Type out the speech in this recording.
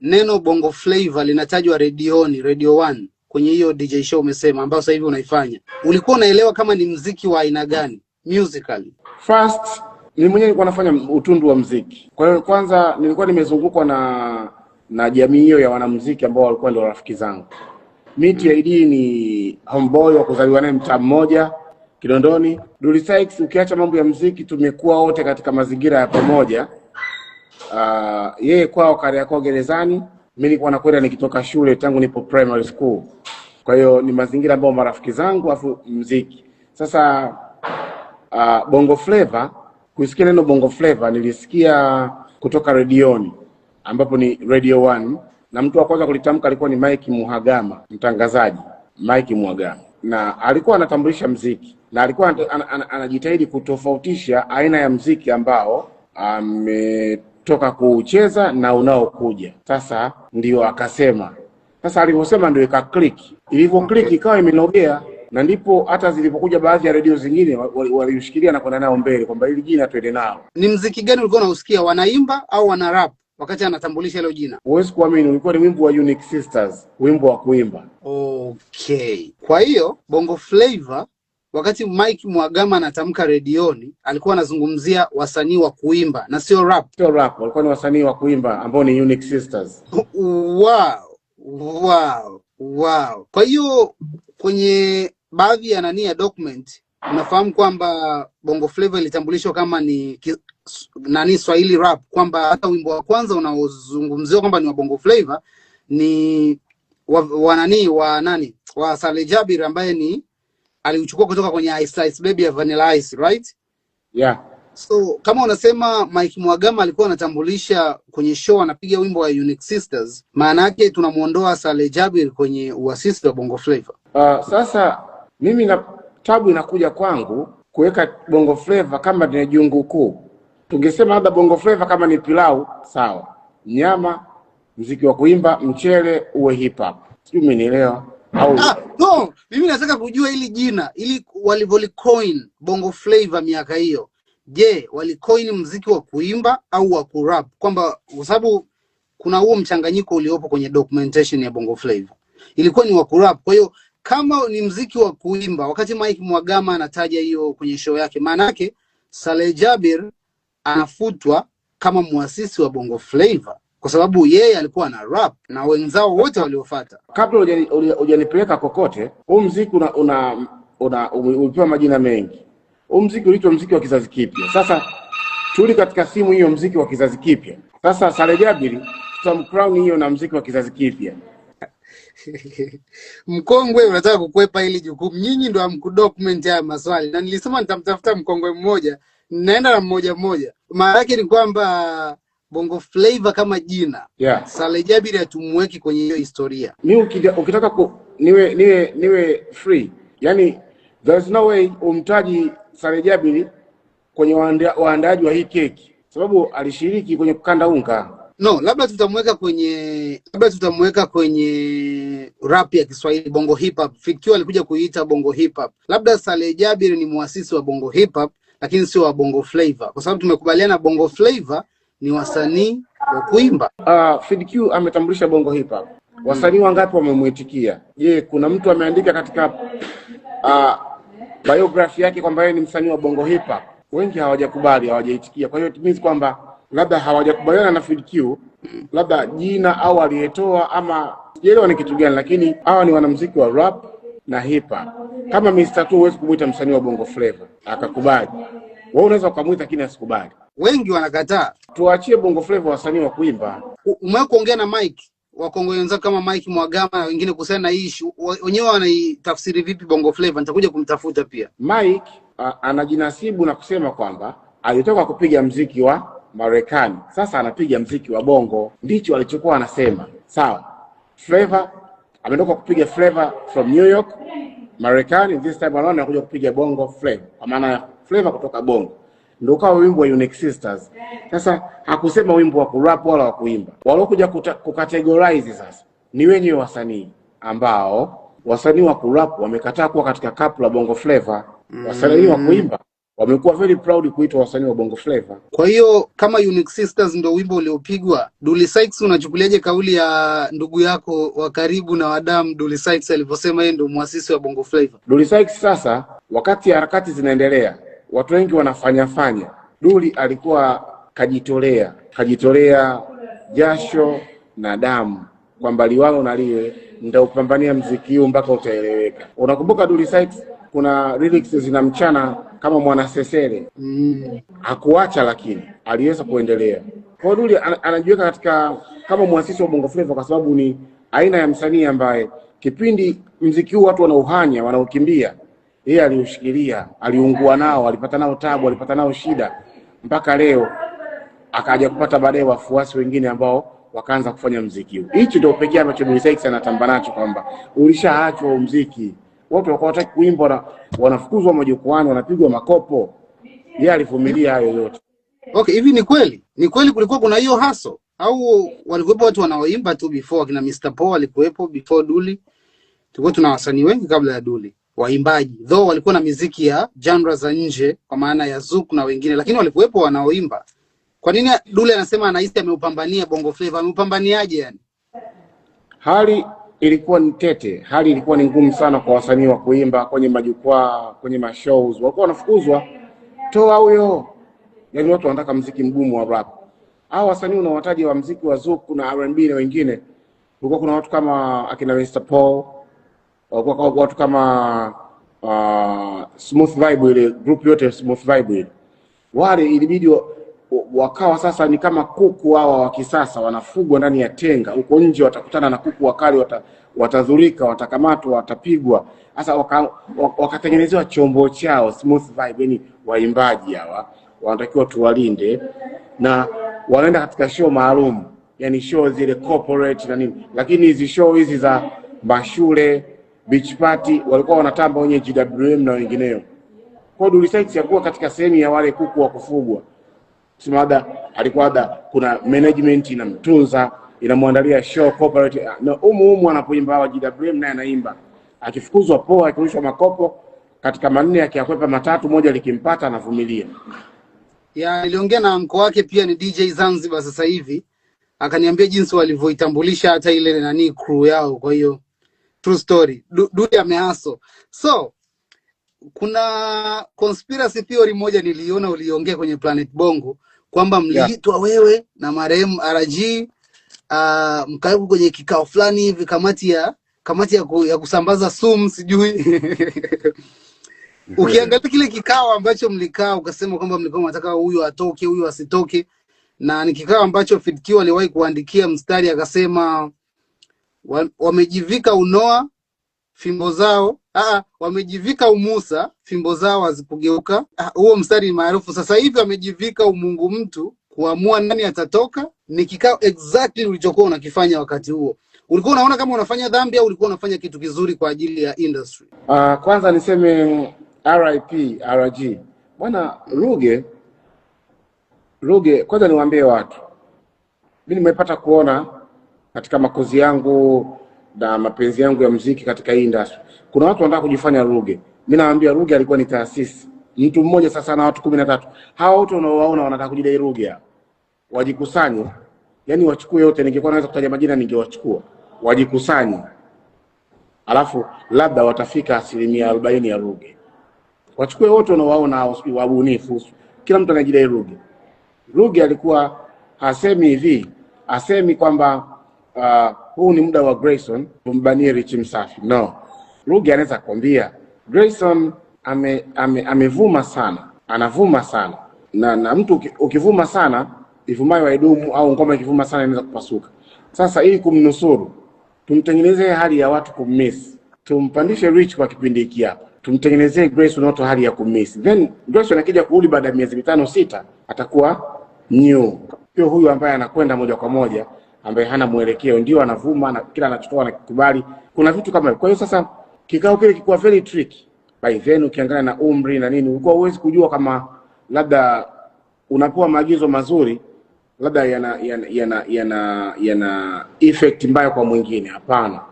neno bongo flavor linatajwa redioni, Radio One, kwenye hiyo DJ show umesema, ambayo sasa hivi unaifanya, ulikuwa unaelewa kama ni mziki wa aina gani musically? First ni mwenyewe nilikuwa nafanya utundu wa mziki, kwa hiyo kwanza nilikuwa nimezungukwa na na jamii hiyo ya wanamuziki ambao walikuwa ndio rafiki zangu. Miti ya ni homeboy wa kuzaliwa naye mtaa mmoja Kinondoni. Dully ukiacha mambo ya mziki, tumekuwa wote katika mazingira ya pamoja uh, yeye kwao Kariakoo gerezani, mimi nilikuwa nakwenda nikitoka shule tangu nipo primary school. Kwa hiyo ni mazingira ambayo marafiki zangu afu mziki. Sasa uh, Bongo flavor, kusikia neno Bongo flavor nilisikia kutoka redioni ambapo ni Radio One na mtu wa kwanza kulitamka alikuwa ni Mike Muhagama, mtangazaji Mike Muhagama, na alikuwa anatambulisha mziki na alikuwa anajitahidi kutofautisha aina ya mziki ambao ame toka kuucheza na unaokuja. Sasa ndio akasema, sasa alivyosema ndio ika click, ilivyo click ikawa imenogea, na ndipo hata zilipokuja baadhi ya redio zingine wali na kwenda nao mbele kwamba hili jina twende nao. Ni mziki gani ulikuwa unausikia, wanaimba au wana rap wakati anatambulisha hilo jina? Huwezi kuamini, ulikuwa ni wimbo wa Unique Sisters, wimbo wa kuimba. Okay, kwa hiyo Bongo flavor wakati Mike Mwagama anatamka redioni, alikuwa anazungumzia wasanii wa kuimba na sio rap. Sio rap, walikuwa ni wasanii wa kuimba ambao ni Unique Sisters. Wow, wow, wow. Kwa hiyo kwenye baadhi ya nani ya document unafahamu kwamba Bongo Flava ilitambulishwa kama ni ki, nani Swahili rap, kwamba hata wimbo wa kwanza unaozungumziwa kwamba ni wa Bongo Flava ni wa, wa nani wa nani wa Saleh Jabir ambaye ni aliuchukua kutoka kwenye Ice Ice Baby ya Vanilla Ice, right? Yeah. So kama unasema Mike Mwagama alikuwa anatambulisha kwenye show anapiga wimbo wa Unique Sisters, maana yake tunamuondoa Saleh Jabir kwenye uasisi wa Bongo Flava. Uh, sasa mimi na tabu inakuja kwangu kuweka Bongo Flava kama ni jungu kuu. Tungesema labda Bongo Flava kama ni pilau, sawa, nyama, mziki wa kuimba, mchele uwe hip hop, sijui umenielewa au ah, no. Mimi nataka kujua hili jina ili walivyolicoin Bongo Flava miaka hiyo. Je, walicoin mziki wa kuimba au wa kurap? Kwamba kwa sababu kuna huo mchanganyiko uliopo kwenye documentation ya Bongo Flava. Ilikuwa ni wa kurap. Kwa hiyo kama ni mziki wa kuimba, wakati Mike Mwagama anataja hiyo kwenye show yake, maana yake Saleh Jabir anafutwa kama muasisi wa Bongo flavor kwa sababu yeye alikuwa na rap na wenzao wote waliofuata. Kabla hujanipeleka kokote, huu mziki una, una, una ulipewa majina mengi. Huu mziki uliitwa mziki wa kizazi kipya. Sasa tuli katika simu hiyo, mziki wa kizazi kipya. Sasa Sale Jabir tutamcrown hiyo na mziki wa kizazi kipya. Mkongwe unataka kukwepa hili jukumu, nyinyi ndo amkudokumenti haya maswali, na nilisema nitamtafuta mkongwe mmoja, naenda na mmoja mmoja. Maana yake ni kwamba Bongo Flava kama jina yeah. Sale Jabiri hatumweki kwenye hiyo historia. Mimi ukitaka ku, niwe niwe niwe free, yani there is no way umtaji Sale Jabiri kwenye waandaaji wa hii keki, sababu alishiriki kwenye kukanda unga. No, labda tutamweka kwenye labda tutamweka kwenye rap ya Kiswahili Bongo Hip Hop. Fikio alikuja kuiita Bongo Hip Hop. Labda Sale Jabiri ni muasisi wa Bongo Hip Hop, lakini sio wa Bongo Flava, kwa sababu tumekubaliana Bongo Flava ni wasanii wa kuimba. Uh, ah, FIDQ ametambulisha bongo hip hop. Wasanii wangapi wamemwitikia? Je, kuna mtu ameandika katika uh, ah, biografia yake kwamba yeye ni msanii wa bongo hip hop? Wengi hawajakubali, hawajaitikia. Kwa hiyo it means kwamba labda hawajakubaliana na FIDQ, labda jina au aliyetoa ama sielewa ni kitu gani, lakini hawa ni wanamuziki wa rap na hip hop. Kama Mr. Two huwezi kumwita msanii wa bongo flavor akakubali, wewe unaweza ukamwita, lakini asikubali wengi wanakataa. Tuachie bongo flava wasanii wa kuimba. Umewahi kuongea na Mike wakongwe wenzako kama Mike Mwagama na wengine kuhusiana na hii wenyewe wanaitafsiri vipi bongo flava? Nitakuja kumtafuta pia Mike. anajinasibu na kusema kwamba alitoka kupiga mziki wa Marekani, sasa anapiga mziki wa bongo, ndicho alichokuwa anasema. Sawa, Flava ametoka kupiga Flava from New York Marekani, this time anaona anakuja kupiga bongo flava, kwa maana Flava kutoka bongo ndio ukawa wimbo wa Unique Sisters. Sasa hakusema wimbo wa kurap wala wa kuimba, walokuja kukategorize sasa ni wenye wasanii ambao wasanii wa kurap wamekataa kuwa katika kapu la Bongo Flava, mm. wasanii wa kuimba wamekuwa very proud kuitwa wasanii wa Bongo Flava. Kwa hiyo kama Unique Sisters ndio wimbo uliopigwa, Dully Sykes, unachukuliaje kauli ya ndugu yako wa karibu na wadamu Dully Sykes alivyosema yeye ndio muasisi wa Bongo Flava? Dully Sykes sasa, wakati harakati zinaendelea watu wengi wanafanyafanya. Duli alikuwa kajitolea, kajitolea jasho na damu kwamba liwalo na liwe nitaupambania mziki huu mpaka utaeleweka. Unakumbuka Duli Sykes, kuna lyrics zina mchana kama mwana sesere mm. Hakuacha, lakini aliweza kuendelea. Kwa duli anajiweka katika kama mwasisi wa Bongo Flava kwa sababu ni aina ya msanii ambaye kipindi mziki huu watu wanauhanya, wanaukimbia yeye aliushikilia, aliungua nao, alipata nao tabu, alipata nao shida mpaka leo akaja kupata baadaye wafuasi wengine ambao wakaanza kufanya mziki huu. Hichi ndio pekee ambacho Bill anatamba nacho kwamba ulishaachwa mziki, watu wako wataki kuimba, na wanafukuzwa majukwani, wanapigwa makopo, yeye alivumilia hayo yote. Okay, hivi ni kweli, ni kweli kulikuwa kuna hiyo haso au walikuwepo watu wanaoimba tu before? Kina Mr Paul alikuwepo before Duli, tulikuwa tuna wasanii wengi kabla ya Duli waimbaji though walikuwa na miziki ya janra za nje kwa maana ya zuk na wengine, lakini walikuwepo wanaoimba. Kwa nini Dule anasema anahisi ameupambania Bongo Flava? Ameupambaniaje? Yani hali ilikuwa ni tete, hali ilikuwa ni ngumu sana kwa wasanii wa kuimba kwenye majukwaa, kwenye mashows, walikuwa wanafukuzwa. Toa huyo, yani watu wanataka mziki mgumu wa rap. au wasanii unawataja wa mziki wa Zuku na R&B na wengine, kulikuwa kuna watu kama akina Mr Paul Uh, watu kama uh, Smooth Vibe ile group yote Smooth Vibe ile wale, ilibidi wakawa sasa ni kama kuku hawa wa kisasa wanafugwa ndani ya tenga. Huko nje watakutana na kuku wakali, wata, watadhurika, watakamatwa, watapigwa. Sasa wakatengenezewa waka chombo chao Smooth Vibe, yani waimbaji hawa wanatakiwa tuwalinde, na wanaenda katika show maalum, yani show zile corporate na nini, lakini hizi show hizi za mashule Beach Party walikuwa wanatamba wenye GWM na wengineo. Kwa hiyo Dulcet hakuwa katika sehemu ya wale kuku wa kufugwa. Simada alikuwa ada, kuna management inamtunza, inamwandalia show corporate ah, na umu umu anapoimba wa GWM naye anaimba. Akifukuzwa poa, akirushwa makopo katika manne akiakwepa matatu, moja likimpata anavumilia. Ya niliongea na mko wake pia ni DJ Zanzibar sasa hivi. Akaniambia jinsi walivyoitambulisha hata ile nani crew yao kwa hiyo True story. Du, Dudi ameaso. So kuna conspiracy theory moja niliona uliongea kwenye Planet Bongo kwamba mliitwa yeah, wewe na marehemu RG uh, ah, mkawekwa kwenye kikao fulani hivi, kamati ya kamati ya, ku, ya kusambaza sumu sijui ukiangalia kile kikao ambacho mlikaa ukasema kwamba mlikuwa mnataka huyu atoke huyu asitoke, na ni kikao ambacho Fidq aliwahi kuandikia mstari akasema wamejivika unoa fimbo zao aa, wamejivika umusa fimbo zao hazikugeuka. Huo mstari ni maarufu. Sasa hivi wamejivika umungu mtu kuamua nani atatoka. Ni kikao exactly ulichokuwa unakifanya wakati huo. Ulikuwa unaona kama unafanya dhambi au ulikuwa unafanya kitu kizuri kwa ajili ya industry? Uh, kwanza niseme RIP RG bwana Ruge. Ruge, kwanza niwaambie watu, mi nimepata kuona katika makozi yangu na mapenzi yangu ya mziki katika hii industry. Kuna watu wanataka kujifanya Ruge. Mimi naambia Ruge alikuwa ni taasisi. Mtu mmoja sasa na watu kumi na tatu. Hawa wote unaowaona wanataka kujidai Ruge hapa. Wajikusanye. yani wachukue yote, ningekuwa naweza kutaja majina ningewachukua. Wajikusanye. Alafu labda watafika asilimia arobaini ya Ruge. Wachukue wote unaowaona hao, sio wabunifu. Kila mtu anajidai Ruge. Ruge alikuwa hasemi hivi, asemi kwamba uh, huu ni muda wa Grayson kumbanie Rich Msafi. No, Ruge anaweza kukwambia Grayson ame, ame, sana, anavuma sana na, na mtu ukivuma sana ivumayo haidumu, au ngoma ikivuma sana inaweza kupasuka. Sasa ili kumnusuru, tumtengenezee hali ya watu kummiss, tumpandishe Rich kwa kipindi hiki hapa tumtengenezee Grayson unaoto hali ya kummiss, then Grayson anakija kurudi baada ya miezi mitano sita, atakuwa new. Sio huyu ambaye anakwenda moja kwa moja ambaye hana mwelekeo, ndio anavuma na kila anachotoa na kikubali Kuna vitu kama hivyo. Kwa hiyo sasa kikao kile kikuwa very tricky. By then ukiangalia na umri na nini, ulikuwa huwezi kujua kama labda unapewa maagizo mazuri labda yana yana yana yana, yana effect mbaya kwa mwingine. Hapana.